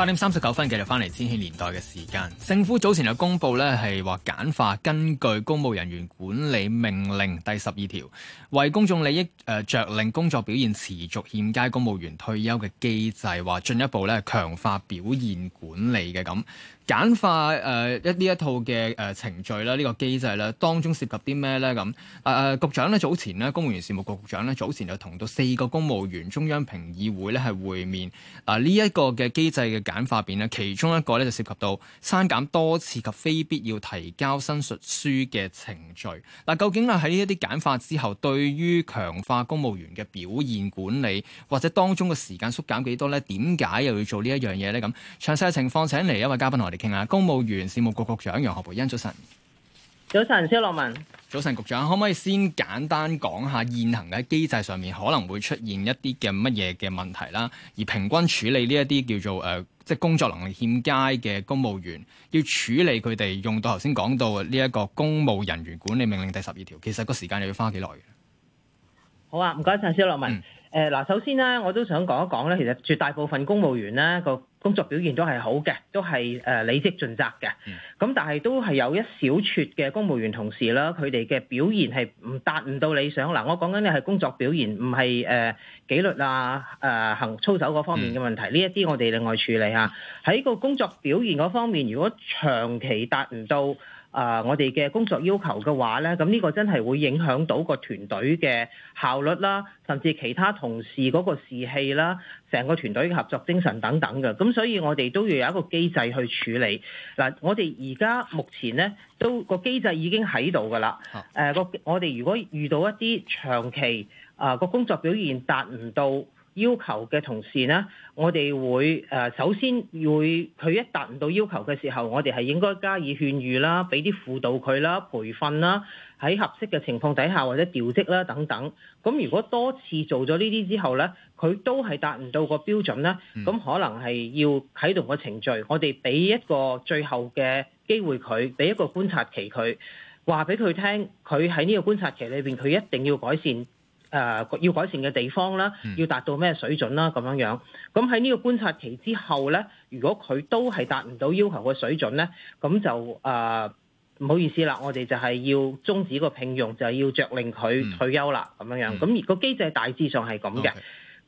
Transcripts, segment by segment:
八點三十九分，繼續翻嚟《千禧年代》嘅時間。政府早前就公布呢係話簡化根據公務人員管理命令第十二條，為公眾利益誒著令工作表現持續欠佳公務員退休嘅機制，話進一步咧強化表現管理嘅咁。簡化誒一呢一套嘅、誒、呃、程序啦，呢、這個機制啦，當中涉及啲咩咧咁？誒、呃、局長咧，早前咧，公務員事務局局長咧，早前就同到四個公務員中央評議會咧係會面。啊、呃。呢、這、一個嘅機制嘅簡化邊咧，其中一個咧就涉及到刪減多次及非必要提交申述書嘅程序。嗱、啊，究竟啊，喺呢一啲簡化之後，對於強化公務員嘅表現管理，或者當中嘅時間縮減幾多咧？點解又要做一呢一樣嘢咧？咁、啊、詳細嘅情況請嚟一位嘉賓同我哋。啊！公務員事務局局長楊何蓓茵，早晨。早晨，肖樂文。早晨，局長，可唔可以先簡單講下現行嘅機制上面可能會出現一啲嘅乜嘢嘅問題啦？而平均處理呢一啲叫做誒，即、呃、係工作能力欠佳嘅公務員，要處理佢哋用到頭先講到呢一個公務人員管理命令第十二條，其實個時間又要花幾耐？好啊，唔該晒，肖樂文。嗯誒，嗱，首先咧，我都想講一講咧，其實絕大部分公務員咧個工作表現都係好嘅，都係誒履職盡責嘅。咁、嗯、但係都係有一小撮嘅公務員同事啦，佢哋嘅表現係唔達唔到理想。嗱、嗯，我講緊嘅係工作表現，唔係誒紀律啊誒行、呃、操守嗰方面嘅問題。呢一啲我哋另外處理下。喺個工作表現嗰方面，如果長期達唔到。啊！Uh, 我哋嘅工作要求嘅話，咧，咁呢個真係會影響到個團隊嘅效率啦，甚至其他同事嗰個士氣啦，成個團隊嘅合作精神等等嘅。咁所以我哋都要有一個機制去處理。嗱，我哋而家目前咧都個機制已經喺度㗎喇。誒、啊呃，我哋如果遇到一啲長期啊個、呃、工作表現達唔到要求嘅同事咧，我哋會誒首先會佢一達唔到要求嘅時候，我哋係應該加以勸喻啦，俾啲輔導佢啦、培訓啦，喺合適嘅情況底下或者調職啦等等。咁如果多次做咗呢啲之後咧，佢都係達唔到個標準啦，咁可能係要啟動個程序，我哋俾一個最後嘅機會佢，俾一個觀察期佢，話俾佢聽，佢喺呢個觀察期裏邊，佢一定要改善。誒、呃、要改善嘅地方啦，要達到咩水準啦，咁樣樣。咁喺呢個觀察期之後咧，如果佢都係達唔到要求嘅水準咧，咁就誒唔、呃、好意思啦，我哋就係要終止個聘用，就係、是、要着令佢退休啦，咁樣樣。咁、而個機制大致上係咁嘅。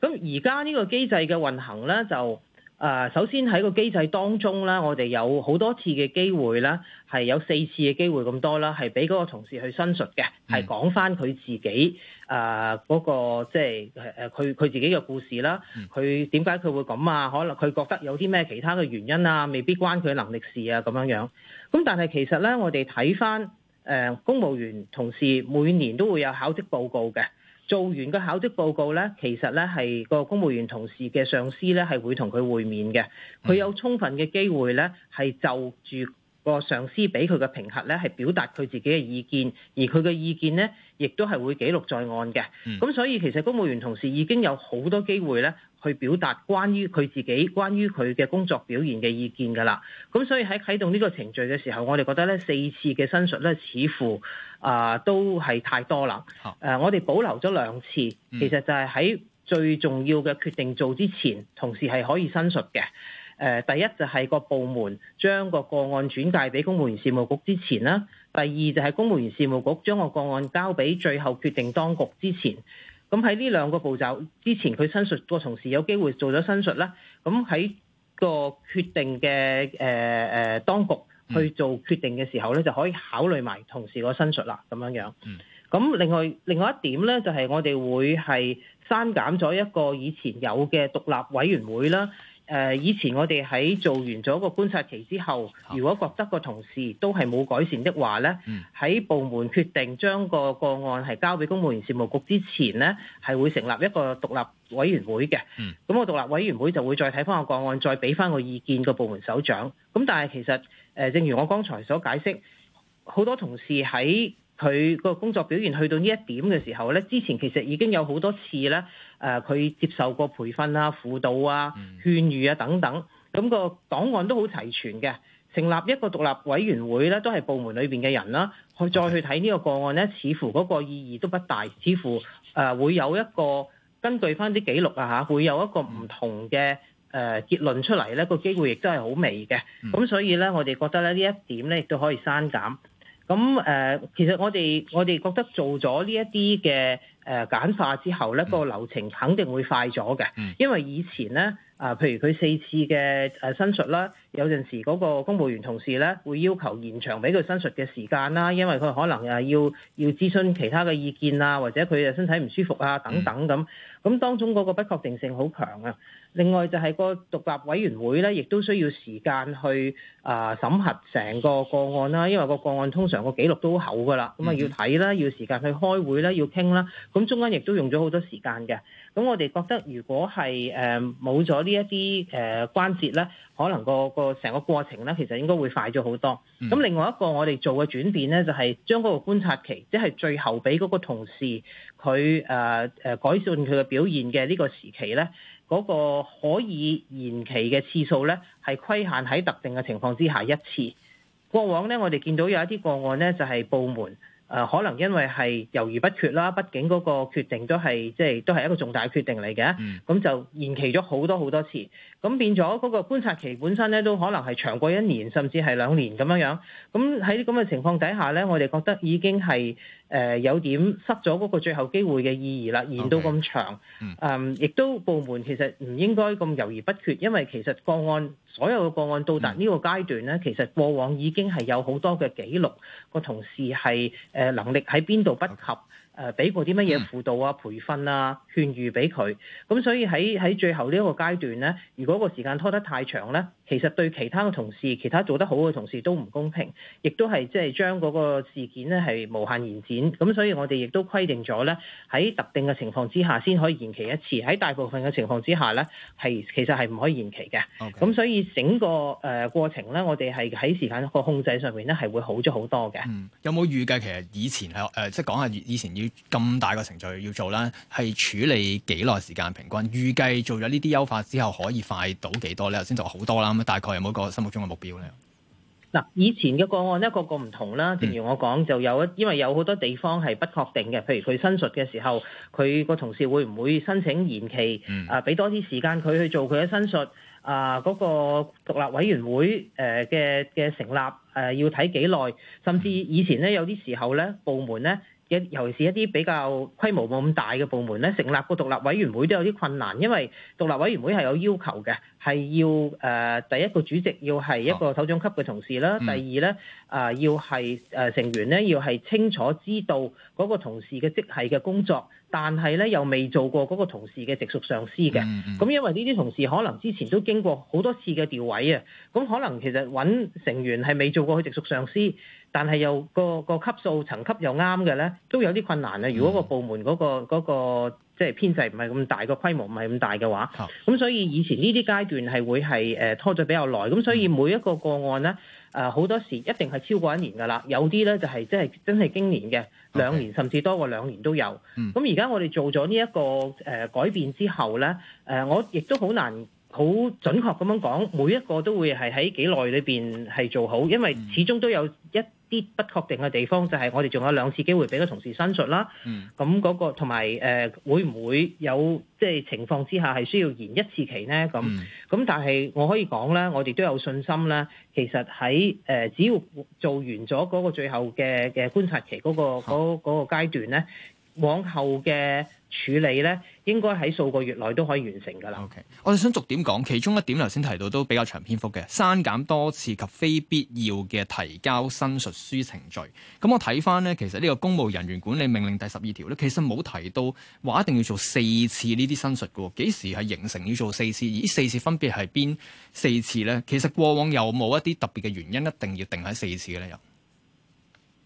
咁而家呢個機制嘅運行咧就。誒、呃，首先喺個機制當中啦，我哋有好多次嘅機會啦，係有四次嘅機會咁多啦，係俾嗰個同事去申述嘅，係講翻佢自己誒嗰、呃嗰個即係誒誒佢佢自己嘅故事啦。佢點解佢會咁啊？可能佢覺得有啲咩其他嘅原因啊，未必關佢能力的事啊咁樣樣。咁但係其實咧，我哋睇翻誒公務員同事每年都會有考績報告嘅。做完個考績報告咧，其實咧係個公務員同事嘅上司咧係會同佢會面嘅，佢有充分嘅機會咧係就住個上司俾佢嘅評核咧係表達佢自己嘅意見，而佢嘅意見咧亦都係會記錄在案嘅。咁、嗯、所以其實公務員同事已經有好多機會咧，去表達關於佢自己、關於佢嘅工作表現嘅意見㗎啦。咁所以喺啟動呢個程序嘅時候，我哋覺得咧四次嘅申述咧，似乎啊、呃、都係太多啦。誒、呃，我哋保留咗兩次，其實就係喺最重要嘅決定做之前，同時係可以申述嘅。誒、呃，第一就係個部門將個個案轉介俾公務員事務局之前啦；第二就係公務員事務局將個個案交俾最後決定當局之前。咁喺呢兩個步驟之前，佢申述個同事有機會做咗申述啦。咁喺個決定嘅、呃、當局去做決定嘅時候咧，就可以考慮埋同事個申述啦。咁樣樣。咁另外另外一點咧，就係、是、我哋會係刪減咗一個以前有嘅獨立委員會啦。誒，以前我哋喺做完咗個觀察期之後，如果覺得個同事都係冇改善的話咧，喺部門決定將個個案係交俾公務員事務局之前咧，係會成立一個獨立委員會嘅。咁個獨立委員會就會再睇翻個個案，再俾翻個意見個部門首長。咁但係其實誒，正如我剛才所解釋，好多同事喺。佢個工作表現去到呢一點嘅時候咧，之前其實已經有好多次咧，誒佢接受過培訓啊、輔導啊、勸喻啊等等，咁個檔案都好齊全嘅。成立一個獨立委員會咧，都係部門裏邊嘅人啦，去再去睇呢個個案咧，似乎嗰個意義都不大，似乎誒會有一個根據翻啲記錄啊嚇，會有一個唔同嘅誒結論出嚟咧，個機會亦都係好微嘅。咁所以咧，我哋覺得咧呢一點咧，亦都可以刪減。咁誒、呃，其實我哋我哋覺得做咗呢一啲嘅誒簡化之後咧，個、嗯、流程肯定會快咗嘅，因為以前咧誒、呃、譬如佢四次嘅誒申述啦。有陣時嗰個公務員同事咧，會要求延長俾佢申述嘅時間啦，因為佢可能誒要要諮詢其他嘅意見啊，或者佢嘅身體唔舒服啊等等咁。咁當中嗰個不確定性好強啊。另外就係個獨立委員會咧，亦都需要時間去啊、呃、審核成個個案啦，因為個個案通常個記錄都厚噶啦，咁啊要睇啦，要時間去開會啦，要傾啦。咁中間亦都用咗好多時間嘅。咁我哋覺得如果係誒冇咗呢一啲誒關節咧。可能個個成個過程咧，其實應該會快咗好多。咁另外一個我哋做嘅轉變咧，就係將嗰個觀察期，即係最後俾嗰個同事佢誒、呃、改善佢嘅表現嘅呢個時期咧，嗰個可以延期嘅次數咧，係規限喺特定嘅情況之下一次。過往咧，我哋見到有一啲個案咧，就係部門誒、呃、可能因為係猶豫不決啦，畢竟嗰個決定都係即係都係一個重大決定嚟嘅，咁就延期咗好多好多次。咁變咗嗰個觀察期本身咧，都可能係長過一年，甚至係兩年咁樣樣。咁喺啲咁嘅情況底下咧，我哋覺得已經係、呃、有點失咗嗰個最後機會嘅意義啦。延到咁長，嗯，亦都部門其實唔應該咁猶豫不決，因為其實個案，所有個案到達呢個階段咧，Okay. 其實過往已經係有好多嘅記錄，個同事係、呃、能力喺邊度不及。Okay. 誒，俾過啲乜嘢輔導啊、培訓啊、勸喻俾佢，咁所以喺喺最後呢一個階段咧，如果個時間拖得太長咧，其實對其他嘅同事，其他做得好嘅同事都唔公平，亦都係即係將嗰個事件咧係無限延展。咁所以我哋亦都規定咗呢喺特定嘅情況之下先可以延期一次。喺大部分嘅情況之下呢，係其實係唔可以延期嘅。咁 Okay. 所以整個誒、呃、過程呢，我哋係喺時間個控制上面呢，係會好咗好多嘅、嗯。有冇預計其實以前係誒即係講下以前要咁大個程序要做啦，係處理幾耐時間平均？預計做咗呢啲優化之後可以快到幾多呢？頭先就好多啦。咁啊，大概有冇個心目中嘅目標咧？嗱，以前嘅個案咧，個個唔同啦。正如我講，就有一，因為有好多地方係不確定嘅。譬如佢申述嘅時候，佢個同事會唔會申請延期？啊，俾多啲時間佢去做佢嘅申述。啊，嗰、那個獨立委員會誒嘅嘅成立誒、呃，要睇幾耐？甚至以前咧，有啲時候咧，部門咧。尤其是一啲比較規模冇咁大嘅部門咧，成立個獨立委員會都有啲困難，因為獨立委員會係有要求嘅，係要誒、呃、第一個主席要係一個首長級嘅同事啦，哦、第二咧誒、呃、要係誒、呃、成員咧要係清楚知道嗰個同事嘅職系嘅工作。但係咧，又未做過嗰個同事嘅直屬上司嘅，咁、mm hmm. 因為呢啲同事可能之前都經過好多次嘅調位啊，咁可能其實揾成員係未做過佢直屬上司，但係又個個級數層級又啱嘅咧，都有啲困難啊。如果個部門嗰個嗰個即係編制唔係咁大個規模唔係咁大嘅話，咁所以以前呢啲階段係會係誒拖咗比較耐，咁所以每一個個案咧。誒好、呃、多時一定係超過一年㗎啦，有啲咧就係即係真係經年嘅 Okay. 兩年，甚至多過兩年都有。咁而家我哋做咗呢一個誒、呃、改變之後咧，誒、呃、我亦都好難，好準確咁樣講，每一個都會係喺幾耐裏邊係做好，因為始終都有一啲不確定嘅地方，就係我哋仲有兩次機會俾個同事申述啦。嗯，咁嗰個同埋誒會唔會有即係情況之下係需要延一次期呢？咁咁但係我可以講咧，我哋都有信心啦。其實喺誒只要做完咗嗰個最後嘅嘅觀察期嗰個嗰嗰個階段咧，往後嘅。處理呢應該喺數個月內都可以完成㗎啦。Okay. 我哋想逐點講，其中一點，頭先提到都比較長篇幅嘅刪減多次及非必要嘅提交申述書程序。咁我睇返呢，其實呢個公務人員管理命令第十二條呢，其實冇提到話一定要做四次呢啲申述㗎。幾時係形成要做四次？而四次分別係邊四次呢？其實過往有冇一啲特別嘅原因，一定要定喺四次嘅呢？又？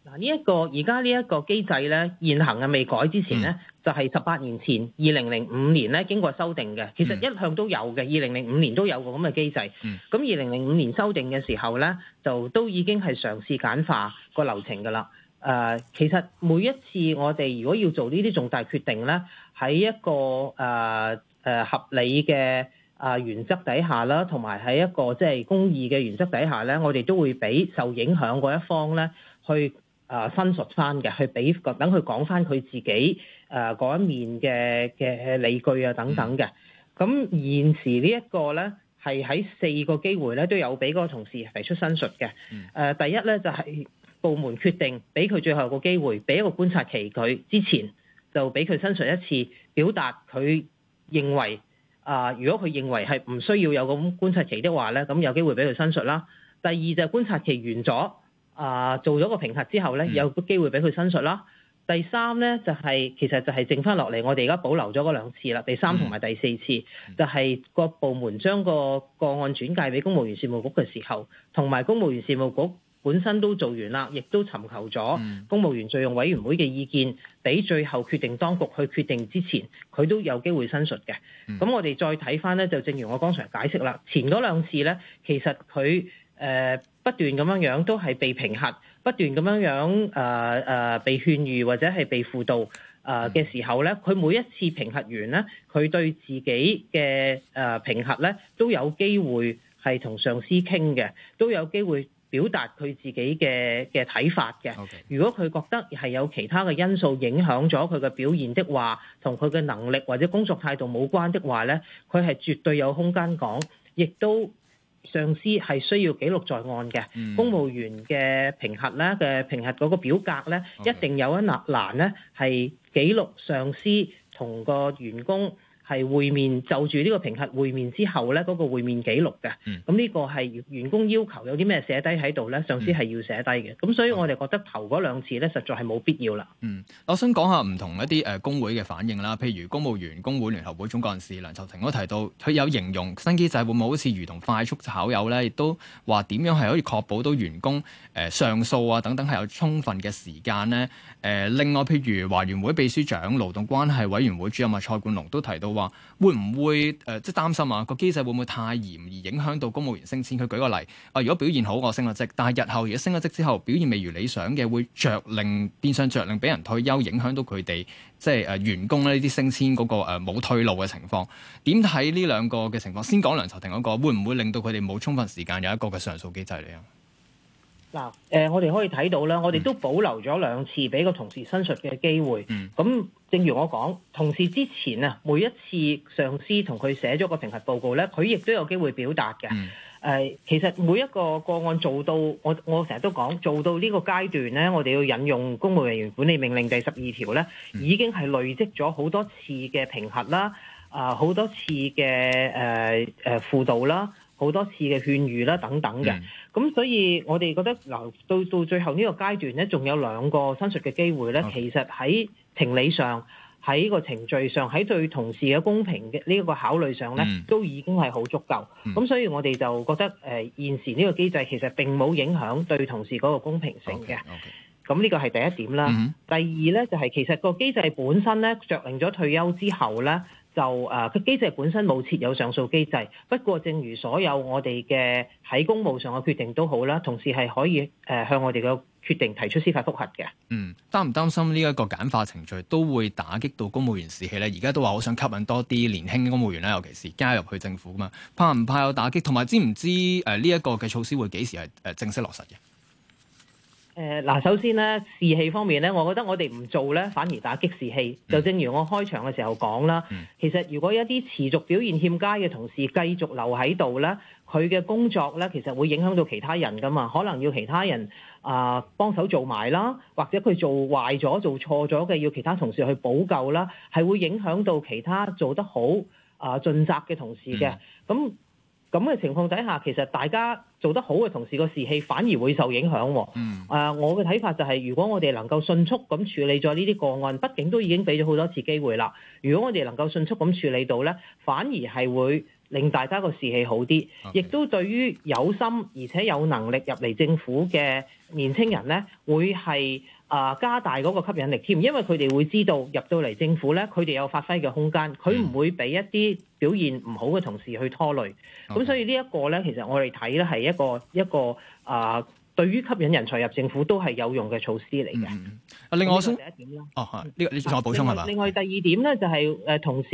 嗱呢一個而家呢一個機制咧，現行嘅未改之前咧，就係十八年前，二零零五年咧經過修訂嘅。其實一向都有嘅，二零零五年都有個咁嘅機制。咁二零零五年修訂嘅時候咧，就都已經係嘗試簡化個流程㗎啦。誒，其實每一次我哋如果要做呢啲重大決定咧，喺一個誒誒合理嘅啊原則底下啦，同埋喺一個即係公義嘅原則底下咧，我哋都會俾受影響嗰一方咧去。啊，申、呃、述翻嘅，去俾個等佢講翻佢自己，誒、呃、嗰一面嘅嘅理據啊等等嘅。咁 現時呢一個咧，係喺四個機會咧都有俾嗰個同事提出申述嘅。誒、呃，第一咧就係、是、部門決定俾佢最後個機會，俾一個觀察期，佢之前，就俾佢申述一次，表達佢認為啊、呃，如果佢認為係唔需要有個觀察期的話咧，咁有機會俾佢申述啦。第二就係觀察期完咗。啊、呃，做咗個評核之後咧，嗯、有個機會俾佢申述啦。第三咧就係、是、其實就係剩翻落嚟，我哋而家保留咗嗰兩次啦。第三同埋第四次、嗯、就係個部門將個個案轉介俾公務員事務局嘅時候，同埋公務員事務局本身都做完啦，亦都尋求咗公務員敘用委員會嘅意見，俾、嗯、最後決定當局去決定之前，佢都有機會申述嘅。咁、嗯、我哋再睇翻咧，就正如我剛才解釋啦，前嗰兩次咧，其實佢誒、呃不斷咁樣樣都係被評核，不斷咁樣樣誒誒被勸喻或者係被輔導誒嘅、呃嗯、時候咧，佢每一次評核完咧，佢對自己嘅誒、呃、評核咧都有機會係同上司傾嘅，都有機會表達佢自己嘅嘅睇法嘅。Okay. 如果佢覺得係有其他嘅因素影響咗佢嘅表現的話，同佢嘅能力或者工作態度冇關的話咧，佢係絕對有空間講，亦都。上司係需要記錄在案嘅。嗯、公務員嘅評核啦，嘅評核嗰個表格咧，一定有一欄咧係記錄上司同個員工。係會面就住呢個評核會面之後咧，嗰、那個會面記錄嘅。咁呢、嗯、個係員工要求有啲咩寫低喺度咧，上司係要寫低嘅。咁、嗯、所以我哋覺得頭嗰兩次咧，實在係冇必要啦。嗯，我想講下唔同一啲誒工會嘅反應啦。譬如公務員工會聯合會總幹事梁秋庭都提到，佢有形容新機制會唔會好似如同快速炒友咧，亦都話點樣係可以確保到員工誒、呃、上訴啊等等係有充分嘅時間呢。誒、呃，另外譬如華員會秘書長勞動關係委員會主任啊蔡冠龍都提到。話會唔會誒、呃，即係擔心啊？個機制會唔會太嚴而影響到公務員升遷？佢舉個例，啊、呃，如果表現好我升咗職，但係日後如果升咗職之後表現未如理想嘅，會着令變相着令俾人退休，影響到佢哋即係誒、呃、員工呢啲升遷嗰、那個誒冇退路嘅情況。點睇呢兩個嘅情況？先講梁朝廷嗰個，會唔會令到佢哋冇充分時間有一個嘅上訴機制嚟啊？嗱、呃，我哋可以睇到啦，我哋都保留咗兩次俾個同事申述嘅機會。咁，正如我講，同事之前啊，每一次上司同佢寫咗個評核報告咧，佢亦都有機會表達嘅。誒、呃，其實每一個個案做到，我我成日都講做到呢個階段咧，我哋要引用公務人員管理命令第十二條咧，已經係累積咗好多次嘅評核啦，啊、呃，好多次嘅誒誒輔導啦，好多次嘅勸喻啦，等等嘅。咁所以，我哋覺得，嗱，到到最後呢個階段咧，仲有兩個申述嘅機會咧。其實喺情理上，喺個程序上，喺對同事嘅公平嘅呢一個考慮上咧，都已經係好足夠。咁、嗯、所以我哋就覺得，誒現時呢個機制其實並冇影響對同事嗰個公平性嘅。咁呢 Okay, okay. 個係第一點啦。第二咧就係其實個機制本身咧，着令咗退休之後咧。就誒，佢、啊、機制本身冇設有上訴機制，不過正如所有我哋嘅喺公務上嘅決定都好啦，同時係可以誒、呃、向我哋嘅決定提出司法復核嘅。嗯，擔唔擔心呢一個簡化程序都會打擊到公務員士氣咧？而家都話，我想吸引多啲年輕嘅公務員啦，尤其是加入去政府嘛，怕唔怕有打擊？同埋知唔知誒呢一個嘅措施會幾時係誒正式落實嘅？誒嗱，首先咧士氣方面咧，我覺得我哋唔做咧，反而打擊士氣。就正如我開場嘅時候講啦，其實如果一啲持續表現欠佳嘅同事繼續留喺度咧，佢嘅工作咧其實會影響到其他人㗎嘛，可能要其他人啊、呃、幫手做埋啦，或者佢做壞咗、做錯咗嘅，要其他同事去補救啦，係會影響到其他做得好啊盡、呃、責嘅同事嘅。咁咁嘅情況底下，其實大家。做得好嘅同時個士氣反而會受影響，啊。嗯、呃。我嘅睇法就係、係，如果我哋能夠迅速咁處理咗呢啲個案，畢竟都已經俾咗好多次機會啦。如果我哋能夠迅速咁處理到咧，反而係會令大家個士氣好啲，亦都對於有心而且有能力入嚟政府嘅年輕人咧，會係。啊，加大嗰個吸引力添，因為佢哋會知道入到嚟政府咧，佢哋有發揮嘅空間，佢唔會俾一啲表現唔好嘅同事去拖累。咁、嗯、所以呢呢一個咧，其實我哋睇咧係一個一個啊、呃，對於吸引人才入政府都係有用嘅措施嚟嘅。啊、嗯，另外我補充第一點啦，哦係，呢個你再補充係嘛？另外第二點咧就係、係、誒同事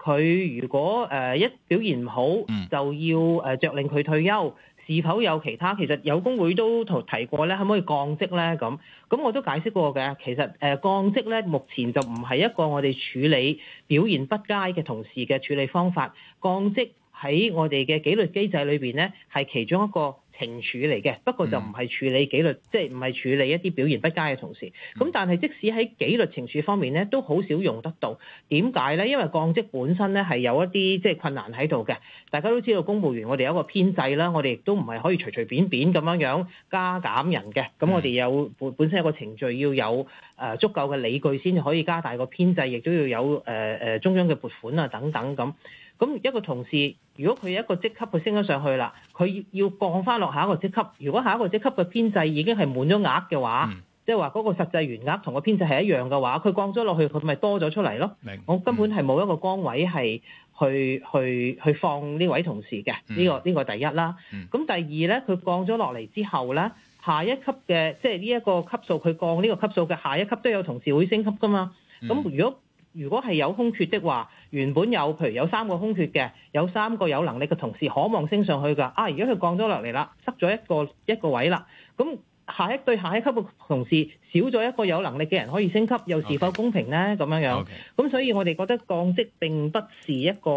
佢如果誒一表現唔好，嗯、就要誒著令佢退休。是否有其他？其實有工會都提過咧，可唔可以降職咧？咁咁我都解釋過嘅。其實誒降職咧，目前就唔係一個我哋處理表現不佳嘅同事嘅處理方法。降職喺我哋嘅紀律機制裏邊咧，係其中一個。懲處嚟嘅，不過就唔係處理紀律，嗯、即係唔係處理一啲表現不佳嘅同事。咁但係即使喺紀律懲處方面咧，都好少用得到。點解咧？因為降職本身咧係有一啲即係困難喺度嘅。大家都知道公務員我哋有一個編制啦，我哋亦都唔係可以隨隨便便咁樣樣加減人嘅。咁我哋有、嗯、本身有個程序要有誒足夠嘅理據先至可以加大個編制，亦都要有誒誒、呃、中央嘅撥款啊等等咁。咁一個同事，如果佢一個職級佢升咗上去啦，佢要降翻落下一個職級。如果下一個職級嘅編制已經係滿咗額嘅話，嗯、即係話嗰個實際原額同個編制係一樣嘅話，佢降咗落去佢咪多咗出嚟咯？明嗯、我根本係冇一個崗位係去去去,去放呢位同事嘅。呢、嗯這個呢、這個第一啦。咁、嗯、第二咧，佢降咗落嚟之後咧，下一級嘅即係呢一個級數佢降呢個級數嘅下一級都有同事會升級㗎嘛。咁、嗯、如果如果係有空缺的話，原本有譬如有三個空缺嘅，有三個有能力嘅同事可望升上去㗎。啊，而家佢降咗落嚟啦，塞咗一個一個位啦。咁下一對下一級嘅同事少咗一個有能力嘅人可以升級，又是否公平呢？咁樣 Okay. 樣。咁 Okay. 所以我哋覺得降職並不是一個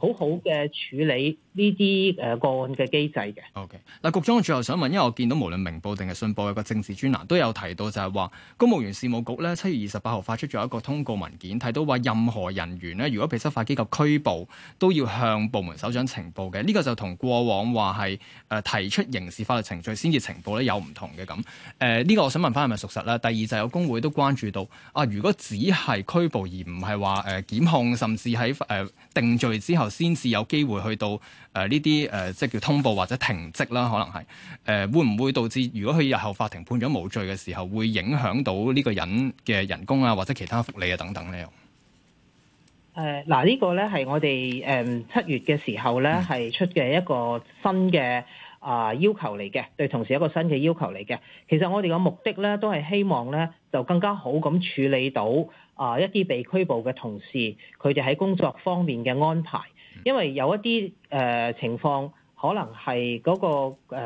好好嘅處理。嗯呢啲誒個案嘅機制嘅。O K. 嗱，局長，我最後想問，因為我見到無論明報定係信報有個政治專欄都有提到就是說，就係話公務員事務局咧，七月二十八號發出咗一個通告文件，提到話任何人員呢，如果被執法機構拘捕，都要向部門首長呈報嘅。呢、呢個就同過往話係誒提出刑事法律程序先至呈報咧，有唔同嘅咁。誒呢、呃呢個我想問翻係咪屬實啦？第二就係有工會都關注到啊，如果只係拘捕而唔係話誒檢控，甚至喺誒、呃、定罪之後先至有機會去到。誒呢啲誒即係叫通報或者停職啦，可能係誒、呃、會唔會導致，如果佢日後法庭判咗無罪嘅時候，會影響到呢個人嘅人工啊或者其他福利啊等等呢？誒嗱、呃，這個、呢個咧係我哋誒七月嘅時候咧係出嘅一個新嘅啊、呃、要求嚟嘅，對同事一個新嘅要求嚟嘅。其實我哋嘅目的咧都係希望咧就更加好咁處理到啊、呃、一啲被拘捕嘅同事，佢哋喺工作方面嘅安排。因為有一啲誒、呃、情況，可能係嗰、那個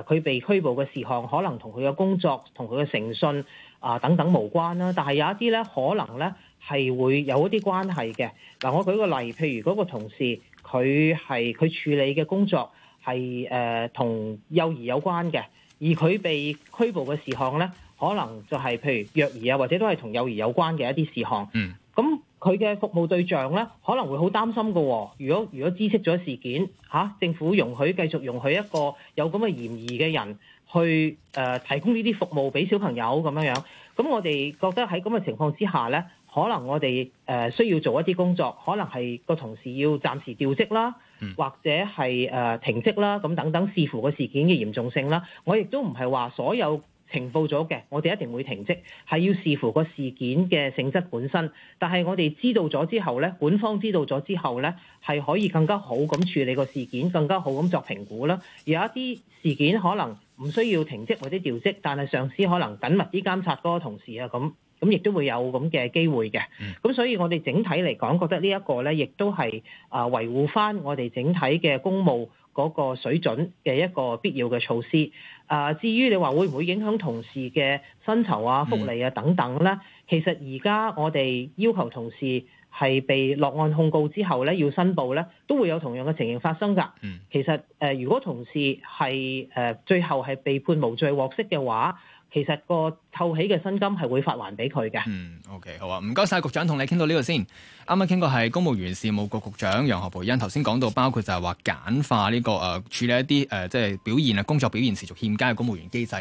佢、呃、被拘捕嘅事項，可能同佢嘅工作同佢嘅誠信啊、呃、等等無關啦、啊。但係有一啲咧，可能咧係會有一啲關係嘅。嗱、呃，我舉個例，譬如嗰個同事，佢係佢處理嘅工作係誒同幼兒有關嘅，而佢被拘捕嘅事項咧，可能就係譬如虐兒啊，或者都係同幼兒有關嘅一啲事項。嗯，咁、嗯。佢嘅服務對象咧，可能會好擔心嘅、哦。如果如果知悉咗事件，嚇、啊、政府容許繼續容許一個有咁嘅嫌疑嘅人去誒、呃、提供呢啲服務俾小朋友咁樣樣，咁我哋覺得喺咁嘅情況之下咧，可能我哋誒、呃、需要做一啲工作，可能係個同事要暫時調職啦，或者係誒、呃、停職啦，咁等等視乎個事件嘅嚴重性啦。我亦都唔係話所有。呈報咗嘅，我哋一定會停職，係要視乎個事件嘅性質本身。但係我哋知道咗之後咧，本方知道咗之後咧，係可以更加好咁處理個事件，更加好咁作評估啦。有一啲事件可能唔需要停職或者調職，但係上司可能緊密啲監察嗰個同事啊，咁咁亦都會有咁嘅機會嘅。咁、嗯、所以，我哋整體嚟講，覺得呢一個咧，亦都係啊維護翻我哋整體嘅公務嗰個水準嘅一個必要嘅措施啊、呃，至於你話會唔會影響同事嘅薪酬啊、福利啊等等咧？Mm. 其實而家我哋要求同事係被落案控告之後咧，要申報咧，都會有同樣嘅情形發生㗎。Mm. 其實誒、呃，如果同事係誒、呃、最後係被判無罪獲釋嘅話，其實個湊起嘅薪金係會發還俾佢嘅。嗯，OK，好啊，唔該晒局長，同你傾到呢度先。啱啱傾過係公務員事務局局，局長楊何蓓茵，頭先講到包括就係話簡化呢、這個誒、呃、處理一啲誒即係表現啊工作表現持續欠佳嘅公務員機制。